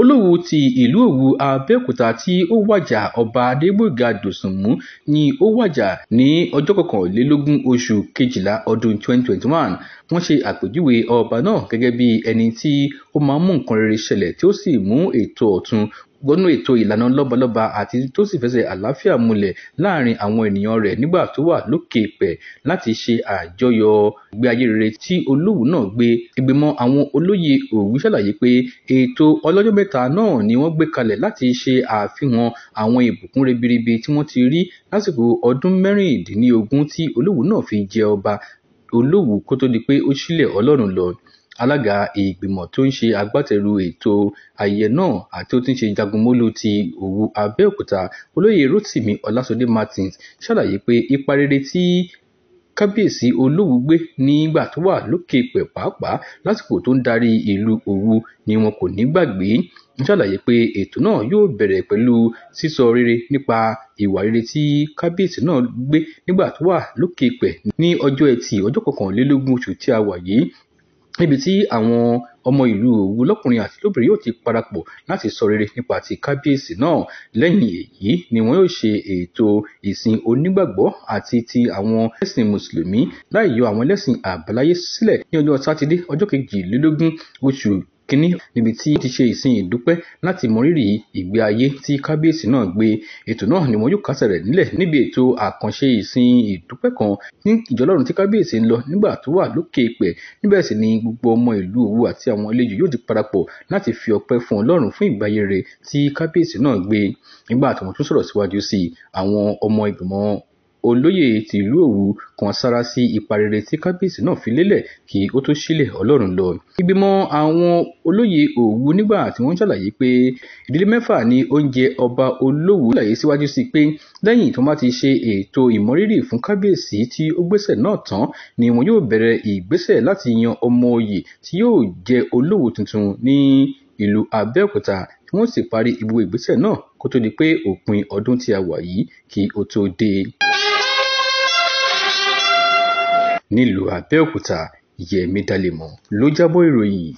olówó ti ìlú òwu abẹ́òkúta tí ó wàjà ọba adégbòga dòsùnmú ni ó wàjà ní ọjọ́ kọkànlélógún oṣù kejìlá ọdún 2021 wọ́n ṣe àpèjúwe ọba náà gẹ́gẹ́ bí ẹni tí ó máa ń mú nǹkan rere ṣẹlẹ̀ tí ó sì mú ètò ọ̀tun gbọ́nú ètò ìlànà lọ́balọ́ba àti tó sì fẹsẹ̀ àlàáfíà múlẹ̀ láàrin àwọn ènìyàn rẹ̀ nígbà tó wà lókè pẹ̀ láti ṣe àjọyọ̀ ìgbé ayé rere tí olówù náà gbé ìgbìmọ̀ àwọn olóyè Òwu ṣàlàyé pé ètò ọlọ́jọ́ mẹ́ta náà ni wọ́n gbé kalẹ̀ láti ṣe àfihàn àwọn ìbùkún ribiribi tí wọ́n ti rí lásìkò ọdún mẹ́rìndínlógún tí olówù náà fi jẹ ọba olówù kó tó di pé ó sílẹ̀ ọlọ́run lọ alága ìgbìmọ̀ tó ń ṣe agbátẹrù ètò ayẹyẹ náà àti ó ti ń ṣe jagunmólú ti Òwu Abẹ́òkúta olóyè Rotimi Ọlásọdé Martins ṣàlàyé pé ipa rere tí kábíyèsí Olówu gbé nígbà tó wà lókè pẹ̀ pàápàá lásìkò tó ń darí ìlú Òwu ni wọn kò ní gbàgbé ń ṣàlàyé pé ètò náà yóò bẹ̀rẹ̀ pẹ̀lú sísọ rere nípa ìwà rere tí kábíyèsí náà gbé nígbà tó wà lókè pẹ̀ ní ọjọ́ ẹtì ọjọ́ kọkànlélógún oṣù tí a wà yìí níbi tí àwọn ọmọ ìlú Òwu lọ́kùnrin àti lóbìnrin yóò ti parapọ̀ láti sọ rere nípa ti kábíyèsí náà lẹ́yìn èyí ni wọn yóò ṣe ètò ìsìn onígbàgbọ́ àti ti àwọn ẹlẹ́sìn mùsùlùmí láì yọ àwọn ẹlẹ́sìn àbáláyé sílẹ̀ ní ọjọ́ sátidé ọjọ́ kejìlélógún oṣù kínní níbi tí ó ti ṣe ìsìn ìdúpẹ́ láti mọrírì ìgbé ayé tí kábíyèsí náà gbé ètò náà ni wọn yóò kásẹ̀ rẹ̀ nílẹ̀ níbi ètò àkànṣe ìsìn ìdúpẹ́ kan ní ìjọlọ́run tí kábíyèsí ń lọ nígbà tó wà lókè ìpẹ́ níbẹ̀ sì ni gbogbo ọmọ ìlú Òwu àti àwọn àlejò yóò ti parapọ̀ láti fi ọpẹ́ fún Ọlọ́run fún ìgbé ayé rẹ̀ tí kábíyèsí náà gbé nígbà tí wọ́n tún sọ̀rọ̀ síwájú sí àwọn ọmọ ìgbìmọ̀ olóyè tìlú òwú kan sára sí ipa rere tí kábíyèsí náà fi lélẹ̀ kí ó tó sílẹ̀ ọlọ́run lọ. ìgbìmọ̀ àwọn olóyè òwú nígbà tí wọ́n ṣàlàyé pé ìdílé mẹ́fà ni oúnjẹ ọba olówú ṣàlàyé síwájú sí pé lẹ́yìn tó má ti ṣe ètò ìmọrírì fún kábíyèsí tí ó gbéṣẹ̀ náà tán ni wọn yóò bẹ̀rẹ̀ ìgbésẹ̀ láti yan ọmọ oyè tí yóò jẹ olówú tuntun ní ìlú Abẹ́òkúta wọ́n sì parí gbogbo ìgbésẹ̀ náà kó tó di pé òpin ọdún tí a wà yìí kí ó tó dé nílùú àbẹ̀òkúta yẹmi dálẹ́mọ́ ló jábọ̀ ìròyìn